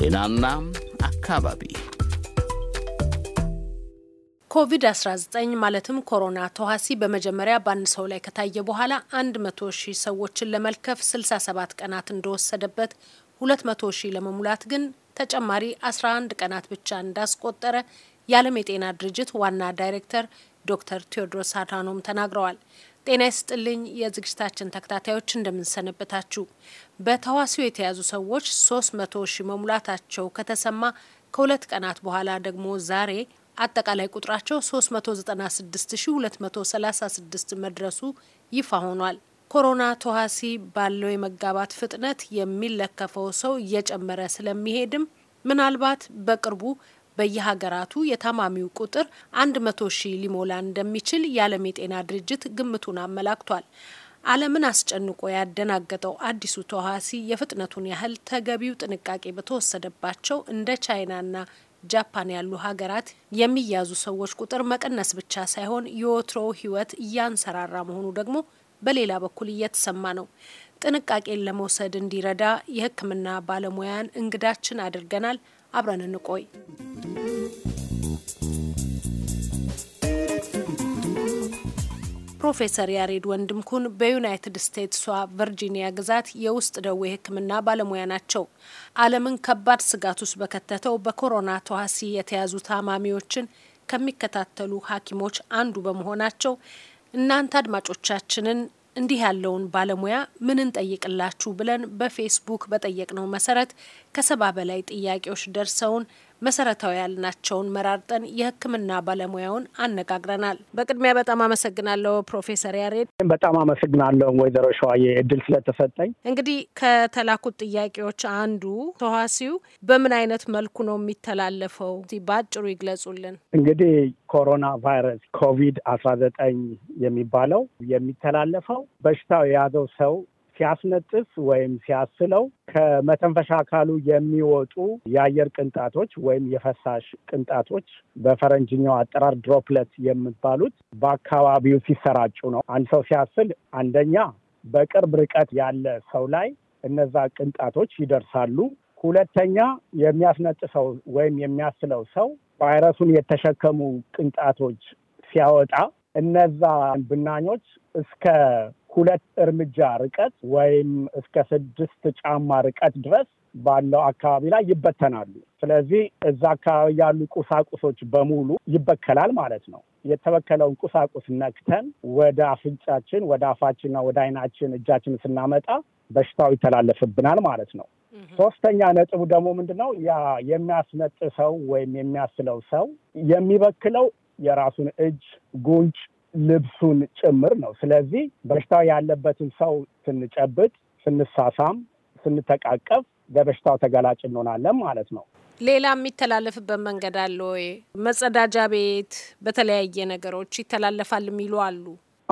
ጤናና አካባቢ ኮቪድ-19 ማለትም ኮሮና ተዋሲ በመጀመሪያ በአንድ ሰው ላይ ከታየ በኋላ 100 ሺህ ሰዎችን ለመልከፍ 67 ቀናት እንደወሰደበት 200 ሺህ ለመሙላት ግን ተጨማሪ 11 ቀናት ብቻ እንዳስቆጠረ የዓለም የጤና ድርጅት ዋና ዳይሬክተር ዶክተር ቴዎድሮስ አድሃኖም ተናግረዋል። ጤና ይስጥልኝ የዝግጅታችን ተከታታዮች እንደምንሰነበታችሁ። በተዋሲው የተያዙ ሰዎች 300 ሺ መሙላታቸው ከተሰማ ከሁለት ቀናት በኋላ ደግሞ ዛሬ አጠቃላይ ቁጥራቸው 396236 መድረሱ ይፋ ሆኗል። ኮሮና ተዋሲ ባለው የመጋባት ፍጥነት የሚለከፈው ሰው እየጨመረ ስለሚሄድም ምናልባት በቅርቡ በየሀገራቱ የታማሚው ቁጥር አንድ መቶ ሺህ ሊሞላ እንደሚችል የዓለም የጤና ድርጅት ግምቱን አመላክቷል። ዓለምን አስጨንቆ ያደናገጠው አዲሱ ተዋሲ የፍጥነቱን ያህል ተገቢው ጥንቃቄ በተወሰደባቸው እንደ ቻይናና ጃፓን ያሉ ሀገራት የሚያዙ ሰዎች ቁጥር መቀነስ ብቻ ሳይሆን የወትሮው ሕይወት እያንሰራራ መሆኑ ደግሞ በሌላ በኩል እየተሰማ ነው። ጥንቃቄን ለመውሰድ እንዲረዳ የሕክምና ባለሙያን እንግዳችን አድርገናል። አብረን እንቆይ። ፕሮፌሰር ያሬድ ወንድምኩን በዩናይትድ ስቴትሷ ቨርጂኒያ ግዛት የውስጥ ደዌ ሕክምና ባለሙያ ናቸው። ዓለምን ከባድ ስጋት ውስጥ በከተተው በኮሮና ተዋሲ የተያዙ ታማሚዎችን ከሚከታተሉ ሐኪሞች አንዱ በመሆናቸው እናንተ አድማጮቻችንን እንዲህ ያለውን ባለሙያ ምን እንጠይቅላችሁ ብለን በፌስቡክ በጠየቅነው መሰረት ከሰባ በላይ ጥያቄዎች ደርሰውን መሰረታዊ ያልናቸውን መራርጠን የሕክምና ባለሙያውን አነጋግረናል። በቅድሚያ በጣም አመሰግናለሁ ፕሮፌሰር ያሬድ። በጣም አመሰግናለሁ ወይዘሮ ሸዋዬ እድል ስለተሰጠኝ። እንግዲህ ከተላኩት ጥያቄዎች አንዱ ተዋሲው በምን አይነት መልኩ ነው የሚተላለፈው? በአጭሩ ይግለጹልን። እንግዲህ ኮሮና ቫይረስ ኮቪድ አስራ ዘጠኝ የሚባለው የሚተላለፈው በሽታው የያዘው ሰው ሲያስነጥስ ወይም ሲያስለው ከመተንፈሻ አካሉ የሚወጡ የአየር ቅንጣቶች ወይም የፈሳሽ ቅንጣቶች በፈረንጅኛው አጠራር ድሮፕለት የሚባሉት በአካባቢው ሲሰራጩ ነው። አንድ ሰው ሲያስል አንደኛ በቅርብ ርቀት ያለ ሰው ላይ እነዛ ቅንጣቶች ይደርሳሉ። ሁለተኛ የሚያስነጥሰው ወይም የሚያስለው ሰው ቫይረሱን የተሸከሙ ቅንጣቶች ሲያወጣ እነዛ ብናኞች እስከ ሁለት እርምጃ ርቀት ወይም እስከ ስድስት ጫማ ርቀት ድረስ ባለው አካባቢ ላይ ይበተናሉ። ስለዚህ እዛ አካባቢ ያሉ ቁሳቁሶች በሙሉ ይበከላል ማለት ነው። የተበከለውን ቁሳቁስ ነክተን ወደ አፍንጫችን፣ ወደ አፋችንና ወደ አይናችን፣ እጃችን ስናመጣ በሽታው ይተላለፍብናል ማለት ነው። ሶስተኛ ነጥቡ ደግሞ ምንድን ነው? ያ የሚያስነጥሰው ወይም የሚያስለው ሰው የሚበክለው የራሱን እጅ፣ ጉንጭ ልብሱን ጭምር ነው። ስለዚህ በሽታው ያለበትን ሰው ስንጨብጥ፣ ስንሳሳም፣ ስንተቃቀፍ ለበሽታው ተገላጭ እንሆናለን ማለት ነው። ሌላ የሚተላለፍበት መንገድ አለ ወይ? መጸዳጃ ቤት፣ በተለያየ ነገሮች ይተላለፋል የሚሉ አሉ።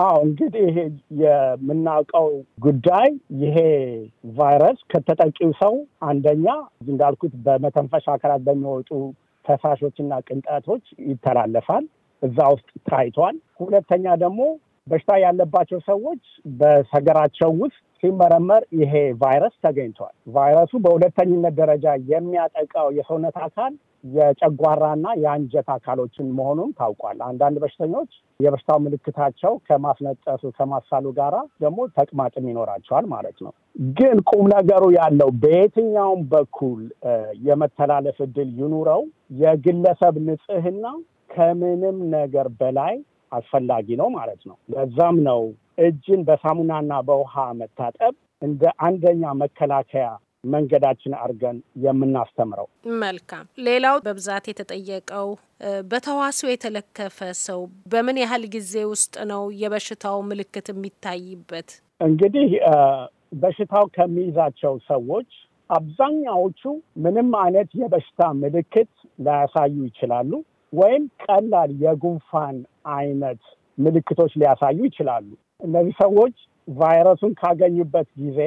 አዎ እንግዲህ ይሄ የምናውቀው ጉዳይ ይሄ ቫይረስ ከተጠቂው ሰው አንደኛ እንዳልኩት በመተንፈሻ አካላት በሚወጡ ፈሳሾችና ቅንጣቶች ይተላለፋል። እዛ ውስጥ ታይቷል። ሁለተኛ ደግሞ በሽታ ያለባቸው ሰዎች በሰገራቸው ውስጥ ሲመረመር ይሄ ቫይረስ ተገኝቷል። ቫይረሱ በሁለተኝነት ደረጃ የሚያጠቃው የሰውነት አካል የጨጓራና የአንጀት አካሎችን መሆኑም ታውቋል። አንዳንድ በሽተኞች የበሽታው ምልክታቸው ከማስነጠሱ ከማሳሉ ጋር ደግሞ ተቅማጥም ይኖራቸዋል ማለት ነው። ግን ቁም ነገሩ ያለው በየትኛውም በኩል የመተላለፍ እድል ይኑረው የግለሰብ ንጽህና ከምንም ነገር በላይ አስፈላጊ ነው ማለት ነው። ለዛም ነው እጅን በሳሙናና በውሃ መታጠብ እንደ አንደኛ መከላከያ መንገዳችን አድርገን የምናስተምረው። መልካም። ሌላው በብዛት የተጠየቀው በተዋስኦ የተለከፈ ሰው በምን ያህል ጊዜ ውስጥ ነው የበሽታው ምልክት የሚታይበት? እንግዲህ በሽታው ከሚይዛቸው ሰዎች አብዛኛዎቹ ምንም አይነት የበሽታ ምልክት ላያሳዩ ይችላሉ። ወይም ቀላል የጉንፋን አይነት ምልክቶች ሊያሳዩ ይችላሉ። እነዚህ ሰዎች ቫይረሱን ካገኙበት ጊዜ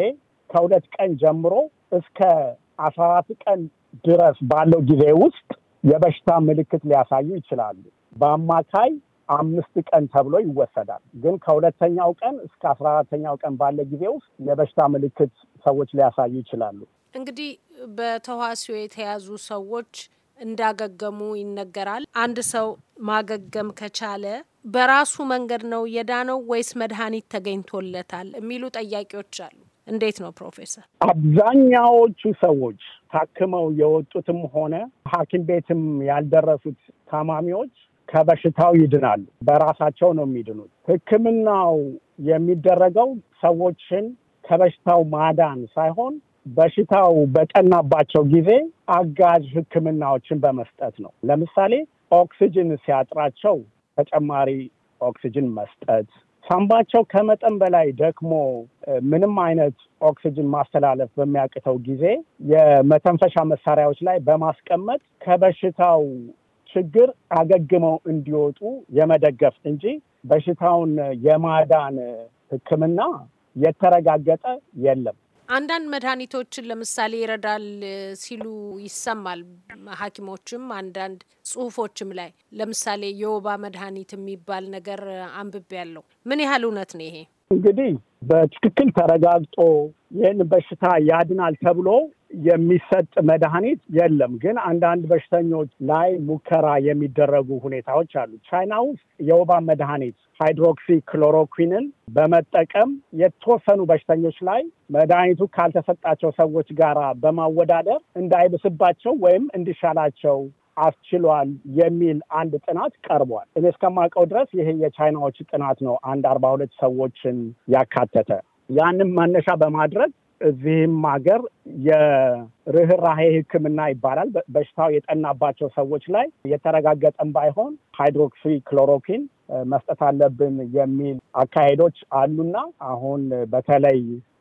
ከሁለት ቀን ጀምሮ እስከ አስራ አራት ቀን ድረስ ባለው ጊዜ ውስጥ የበሽታ ምልክት ሊያሳዩ ይችላሉ። በአማካይ አምስት ቀን ተብሎ ይወሰዳል። ግን ከሁለተኛው ቀን እስከ አስራ አራተኛው ቀን ባለ ጊዜ ውስጥ የበሽታ ምልክት ሰዎች ሊያሳዩ ይችላሉ። እንግዲህ በተዋሲው የተያዙ ሰዎች እንዳገገሙ ይነገራል። አንድ ሰው ማገገም ከቻለ በራሱ መንገድ ነው የዳነው ወይስ መድኃኒት ተገኝቶለታል የሚሉ ጥያቄዎች አሉ። እንዴት ነው ፕሮፌሰር? አብዛኛዎቹ ሰዎች ታክመው የወጡትም ሆነ ሐኪም ቤትም ያልደረሱት ታማሚዎች ከበሽታው ይድናሉ። በራሳቸው ነው የሚድኑት። ሕክምናው የሚደረገው ሰዎችን ከበሽታው ማዳን ሳይሆን በሽታው በጠናባቸው ጊዜ አጋዥ ሕክምናዎችን በመስጠት ነው። ለምሳሌ ኦክስጅን ሲያጥራቸው ተጨማሪ ኦክስጅን መስጠት፣ ሳምባቸው ከመጠን በላይ ደክሞ ምንም አይነት ኦክስጅን ማስተላለፍ በሚያቅተው ጊዜ የመተንፈሻ መሳሪያዎች ላይ በማስቀመጥ ከበሽታው ችግር አገግመው እንዲወጡ የመደገፍ እንጂ በሽታውን የማዳን ሕክምና የተረጋገጠ የለም። አንዳንድ መድኃኒቶችን ለምሳሌ ይረዳል ሲሉ ይሰማል። ሐኪሞችም አንዳንድ ጽሁፎችም ላይ ለምሳሌ የወባ መድኃኒት የሚባል ነገር አንብብ ያለው ምን ያህል እውነት ነው? ይሄ እንግዲህ በትክክል ተረጋግጦ ይህን በሽታ ያድናል ተብሎ የሚሰጥ መድኃኒት የለም። ግን አንዳንድ በሽተኞች ላይ ሙከራ የሚደረጉ ሁኔታዎች አሉ። ቻይና ውስጥ የወባ መድኃኒት ሃይድሮክሲ ክሎሮኩዊንን በመጠቀም የተወሰኑ በሽተኞች ላይ መድኃኒቱ ካልተሰጣቸው ሰዎች ጋር በማወዳደር እንዳይብስባቸው ወይም እንዲሻላቸው አስችሏል የሚል አንድ ጥናት ቀርቧል። እኔ እስከማውቀው ድረስ ይሄ የቻይናዎች ጥናት ነው። አንድ አርባ ሁለት ሰዎችን ያካተተ ያንም መነሻ በማድረግ እዚህም ሀገር የርህራሄ ሕክምና ይባላል። በሽታው የጠናባቸው ሰዎች ላይ የተረጋገጠም ባይሆን ሃይድሮክሲ ክሎሮኪን መስጠት አለብን የሚል አካሄዶች አሉና አሁን በተለይ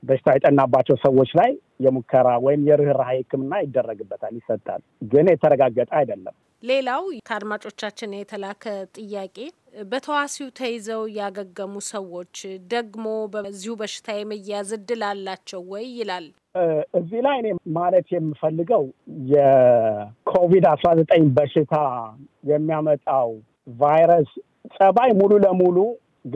በሽታ የጠናባቸው ሰዎች ላይ የሙከራ ወይም የርኅራሄ ሕክምና ይደረግበታል፣ ይሰጣል። ግን የተረጋገጠ አይደለም። ሌላው ከአድማጮቻችን የተላከ ጥያቄ በተዋሲው ተይዘው ያገገሙ ሰዎች ደግሞ በዚሁ በሽታ የመያዝ እድል አላቸው ወይ ይላል። እዚህ ላይ እኔ ማለት የምፈልገው የኮቪድ አስራ ዘጠኝ በሽታ የሚያመጣው ቫይረስ ጸባይ ሙሉ ለሙሉ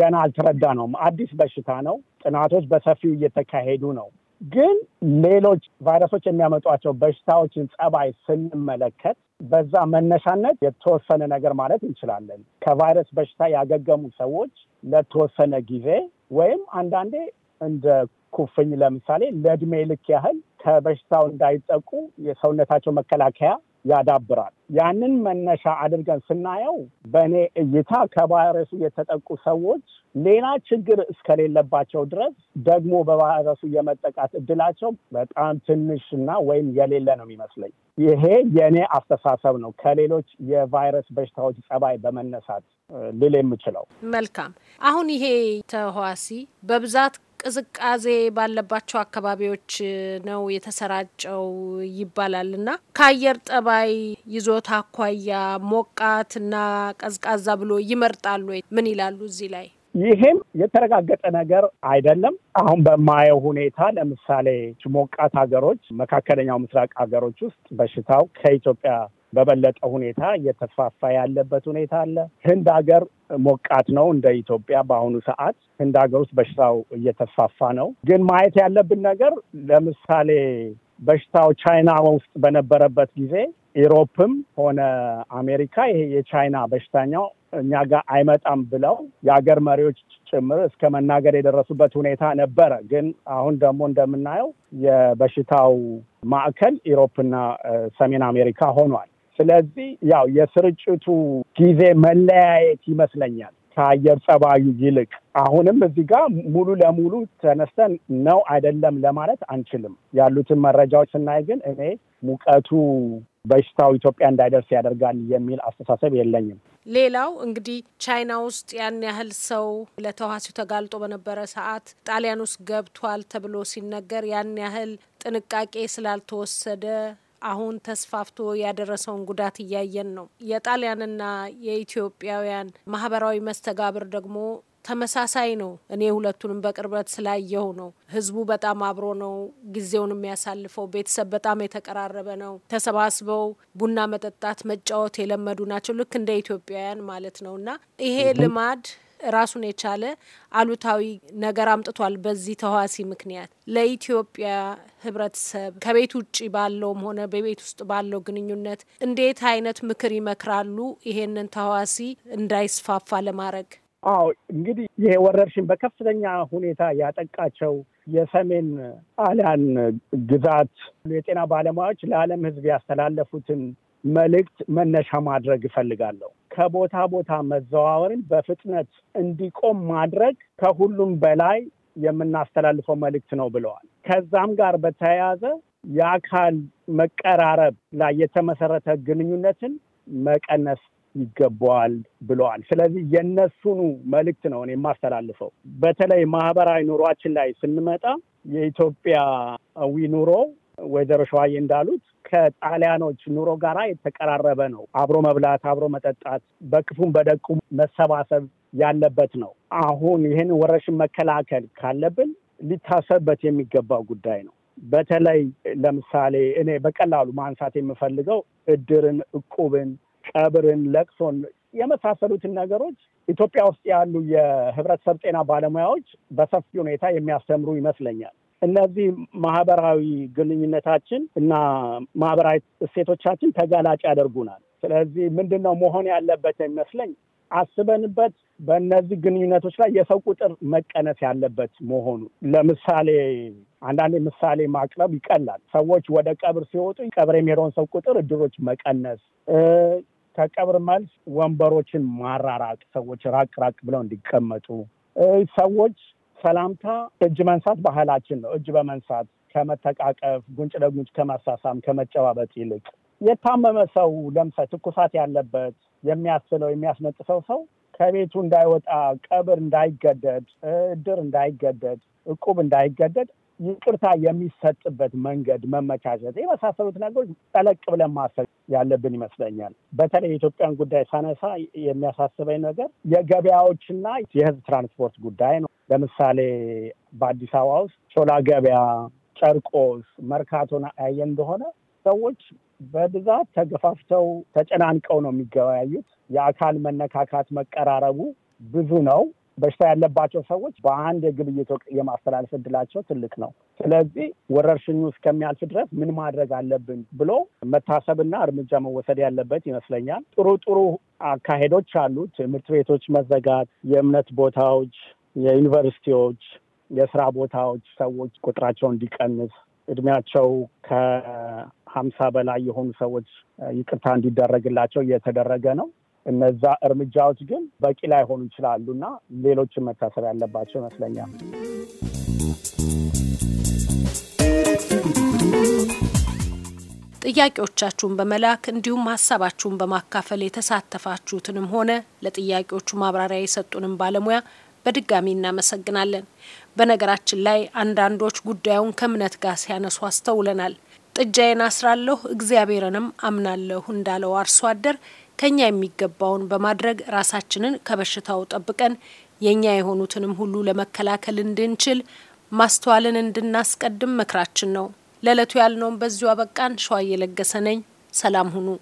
ገና አልተረዳ ነውም። አዲስ በሽታ ነው። ጥናቶች በሰፊው እየተካሄዱ ነው። ግን ሌሎች ቫይረሶች የሚያመጧቸው በሽታዎችን ጸባይ ስንመለከት በዛ መነሻነት የተወሰነ ነገር ማለት እንችላለን። ከቫይረስ በሽታ ያገገሙ ሰዎች ለተወሰነ ጊዜ ወይም አንዳንዴ እንደ ኩፍኝ ለምሳሌ ለእድሜ ልክ ያህል ከበሽታው እንዳይጠቁ የሰውነታቸው መከላከያ ያዳብራል። ያንን መነሻ አድርገን ስናየው በእኔ እይታ ከቫይረሱ የተጠቁ ሰዎች ሌላ ችግር እስከሌለባቸው ድረስ ደግሞ በቫይረሱ የመጠቃት እድላቸው በጣም ትንሽና ወይም የሌለ ነው የሚመስለኝ። ይሄ የእኔ አስተሳሰብ ነው። ከሌሎች የቫይረስ በሽታዎች ጸባይ በመነሳት ልል የምችለው መልካም። አሁን ይሄ ተህዋሲ በብዛት ቅዝቃዜ ባለባቸው አካባቢዎች ነው የተሰራጨው ይባላል እና ከአየር ጠባይ ይዞታ አኳያ ሞቃትና ቀዝቃዛ ብሎ ይመርጣሉ ወይ? ምን ይላሉ እዚህ ላይ? ይህም የተረጋገጠ ነገር አይደለም። አሁን በማየው ሁኔታ ለምሳሌ ሞቃት ሀገሮች፣ መካከለኛው ምስራቅ ሀገሮች ውስጥ በሽታው ከኢትዮጵያ በበለጠ ሁኔታ እየተስፋፋ ያለበት ሁኔታ አለ። ህንድ ሀገር ሞቃት ነው እንደ ኢትዮጵያ በአሁኑ ሰዓት ህንድ ሀገር ውስጥ በሽታው እየተስፋፋ ነው። ግን ማየት ያለብን ነገር ለምሳሌ በሽታው ቻይና ውስጥ በነበረበት ጊዜ ኢሮፕም ሆነ አሜሪካ ይሄ የቻይና በሽታኛው እኛ ጋር አይመጣም ብለው የሀገር መሪዎች ጭምር እስከ መናገር የደረሱበት ሁኔታ ነበረ። ግን አሁን ደግሞ እንደምናየው የበሽታው ማዕከል ኢሮፕና ሰሜን አሜሪካ ሆኗል። ስለዚህ ያው የስርጭቱ ጊዜ መለያየት ይመስለኛል። ከአየር ጸባዩ ይልቅ አሁንም እዚህ ጋር ሙሉ ለሙሉ ተነስተን ነው አይደለም ለማለት አንችልም። ያሉትን መረጃዎች ስናይ ግን እኔ ሙቀቱ በሽታው ኢትዮጵያ እንዳይደርስ ያደርጋል የሚል አስተሳሰብ የለኝም። ሌላው እንግዲህ ቻይና ውስጥ ያን ያህል ሰው ለተዋሲው ተጋልጦ በነበረ ሰዓት ጣሊያን ውስጥ ገብቷል ተብሎ ሲነገር ያን ያህል ጥንቃቄ ስላልተወሰደ አሁን ተስፋፍቶ ያደረሰውን ጉዳት እያየን ነው። የጣሊያንና የኢትዮጵያውያን ማህበራዊ መስተጋብር ደግሞ ተመሳሳይ ነው። እኔ ሁለቱንም በቅርበት ስላየሁ ነው። ህዝቡ በጣም አብሮ ነው ጊዜውን የሚያሳልፈው። ቤተሰብ በጣም የተቀራረበ ነው። ተሰባስበው ቡና መጠጣት፣ መጫወት የለመዱ ናቸው። ልክ እንደ ኢትዮጵያውያን ማለት ነው እና ይሄ ልማድ ራሱን የቻለ አሉታዊ ነገር አምጥቷል። በዚህ ተዋሲ ምክንያት ለኢትዮጵያ ህብረተሰብ ከቤት ውጭ ባለውም ሆነ በቤት ውስጥ ባለው ግንኙነት እንዴት አይነት ምክር ይመክራሉ? ይሄንን ተዋሲ እንዳይስፋፋ ለማድረግ አዎ እንግዲህ ይሄ ወረርሽኝ በከፍተኛ ሁኔታ ያጠቃቸው የሰሜን ጣሊያን ግዛት የጤና ባለሙያዎች ለዓለም ሕዝብ ያስተላለፉትን መልእክት መነሻ ማድረግ እፈልጋለሁ። ከቦታ ቦታ መዘዋወርን በፍጥነት እንዲቆም ማድረግ ከሁሉም በላይ የምናስተላልፈው መልእክት ነው ብለዋል። ከዛም ጋር በተያያዘ የአካል መቀራረብ ላይ የተመሰረተ ግንኙነትን መቀነስ ይገባዋል ብለዋል። ስለዚህ የነሱኑ መልእክት ነው እኔ የማስተላልፈው። በተለይ ማህበራዊ ኑሯችን ላይ ስንመጣ የኢትዮጵያዊ ኑሮ ወይዘሮ ሸዋዬ እንዳሉት ከጣሊያኖች ኑሮ ጋራ የተቀራረበ ነው። አብሮ መብላት፣ አብሮ መጠጣት፣ በክፉም በደቁ መሰባሰብ ያለበት ነው። አሁን ይህን ወረርሽኝ መከላከል ካለብን ሊታሰብበት የሚገባው ጉዳይ ነው። በተለይ ለምሳሌ እኔ በቀላሉ ማንሳት የምፈልገው እድርን፣ እቁብን፣ ቀብርን፣ ለቅሶን የመሳሰሉትን ነገሮች ኢትዮጵያ ውስጥ ያሉ የህብረተሰብ ጤና ባለሙያዎች በሰፊ ሁኔታ የሚያስተምሩ ይመስለኛል። እነዚህ ማህበራዊ ግንኙነታችን እና ማህበራዊ እሴቶቻችን ተጋላጭ ያደርጉናል። ስለዚህ ምንድን ነው መሆን ያለበት የሚመስለኝ አስበንበት በእነዚህ ግንኙነቶች ላይ የሰው ቁጥር መቀነስ ያለበት መሆኑ። ለምሳሌ አንዳንዴ ምሳሌ ማቅረብ ይቀላል። ሰዎች ወደ ቀብር ሲወጡ ቀብር የሚሄደውን ሰው ቁጥር እድሮች መቀነስ፣ ከቀብር መልስ ወንበሮችን ማራራቅ፣ ሰዎች ራቅ ራቅ ብለው እንዲቀመጡ ሰዎች ሰላምታ እጅ መንሳት ባህላችን ነው። እጅ በመንሳት ከመተቃቀፍ፣ ጉንጭ ለጉንጭ ከመሳሳም ከመጨባበጥ ይልቅ የታመመ ሰው ለምሳሌ ትኩሳት ያለበት የሚያስለው የሚያስነጥሰው ሰው ከቤቱ እንዳይወጣ፣ ቀብር እንዳይገደድ፣ እድር እንዳይገደድ፣ እቁብ እንዳይገደድ ይቅርታ የሚሰጥበት መንገድ መመቻቸት የመሳሰሉት ነገሮች ጠለቅ ብለን ማሰብ ያለብን ይመስለኛል። በተለይ የኢትዮጵያን ጉዳይ ሳነሳ የሚያሳስበኝ ነገር የገበያዎችና የሕዝብ ትራንስፖርት ጉዳይ ነው። ለምሳሌ በአዲስ አበባ ውስጥ ሾላ ገበያ፣ ጨርቆስ፣ መርካቶን ያየ እንደሆነ ሰዎች በብዛት ተገፋፍተው ተጨናንቀው ነው የሚገበያዩት። የአካል መነካካት መቀራረቡ ብዙ ነው። በሽታ ያለባቸው ሰዎች በአንድ የግብይት ወቅት የማስተላለፍ እድላቸው ትልቅ ነው። ስለዚህ ወረርሽኙ እስከሚያልፍ ድረስ ምን ማድረግ አለብን ብሎ መታሰብና እርምጃ መወሰድ ያለበት ይመስለኛል። ጥሩ ጥሩ አካሄዶች አሉ። ትምህርት ቤቶች መዘጋት፣ የእምነት ቦታዎች የዩኒቨርሲቲዎች፣ የስራ ቦታዎች ሰዎች ቁጥራቸው እንዲቀንስ እድሜያቸው ከሀምሳ በላይ የሆኑ ሰዎች ይቅርታ እንዲደረግላቸው እየተደረገ ነው። እነዛ እርምጃዎች ግን በቂ ላይሆኑ ይችላሉ እና ሌሎችን መታሰብ ያለባቸው ይመስለኛል። ጥያቄዎቻችሁን በመላክ እንዲሁም ሀሳባችሁን በማካፈል የተሳተፋችሁትንም ሆነ ለጥያቄዎቹ ማብራሪያ የሰጡንም ባለሙያ በድጋሚ እናመሰግናለን። በነገራችን ላይ አንዳንዶች ጉዳዩን ከእምነት ጋር ሲያነሱ አስተውለናል። ጥጃዬን አስራለሁ እግዚአብሔርንም አምናለሁ እንዳለው አርሶ አደር ከኛ የሚገባውን በማድረግ ራሳችንን ከበሽታው ጠብቀን የእኛ የሆኑትንም ሁሉ ለመከላከል እንድንችል ማስተዋልን እንድናስቀድም ምክራችን ነው። ለዕለቱ ያልነውም በዚሁ አበቃን። ሸዋ እየለገሰ ነኝ። ሰላም ሁኑ።